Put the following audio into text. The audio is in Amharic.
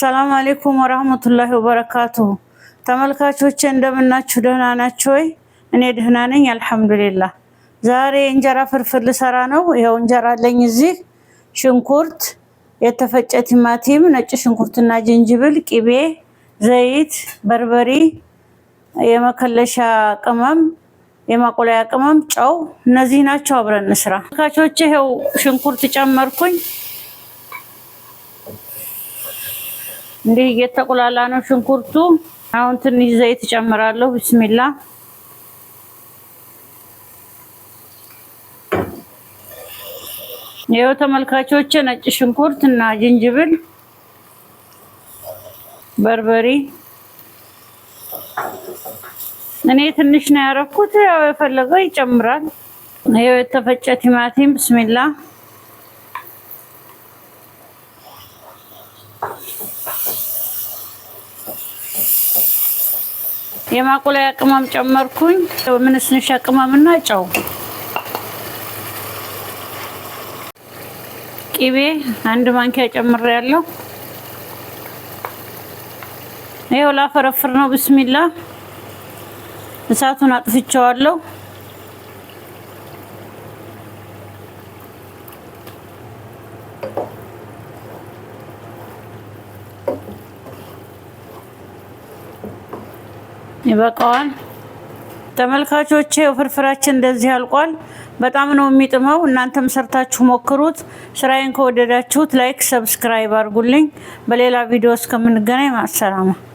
ሰላም አሌይኩም ወራህመቱላሂ ወበረካቱሁ። ተመልካቾቼ እንደምናችሁ ደህና ናችሁ ወይ? እኔ ደህና ነኝ አልሐምዱሊላህ። ዛሬ እንጀራ ፍርፍር ልሰራ ነው። ይኸው እንጀራ አለኝ እዚህ፣ ሽንኩርት፣ የተፈጨ ቲማቲም፣ ነጭ ሽንኩርትና ጅንጅብል፣ ቂቤ፣ ዘይት፣ በርበሪ፣ የመከለሻ ቅመም፣ የማቆላያ ቅመም፣ ጨው፣ እነዚህ ናቸው። አብረን እንስራ ተመልካቾቼ። ይኸው ሽንኩርት ጨመርኩኝ እንዲህ እየተቆላላ ነው ሽንኩርቱ። አሁን ትንሽ ዘይት ጨምራለሁ። ቢስሚላ ይኸው ተመልካቾች፣ ነጭ ሽንኩርት እና ጅንጅብል፣ በርበሪ እኔ ትንሽ ነው ያረኩት ያው የፈለገው ይጨምራል። ይኸው የተፈጨ ቲማቲም ቢስሚላህ የማቁላያ ቅመም ጨመርኩኝ። ምንስንሻ ቅመምና ጨው፣ ቂቤ አንድ ማንኪያ ያለው ይኸው ላፈረፍር ነው። ብስሚላ እሳቱን አጥፍቼዋለሁ። ይበቃዋል። ተመልካቾቼ ፍርፍራችን እንደዚህ ያልቋል። በጣም ነው የሚጥመው። እናንተም ሰርታችሁ ሞክሩት። ስራዬን ከወደዳችሁት ላይክ፣ ሰብስክራይብ አድርጉልኝ። በሌላ ቪዲዮ እስከምንገናኝ ማሰላማ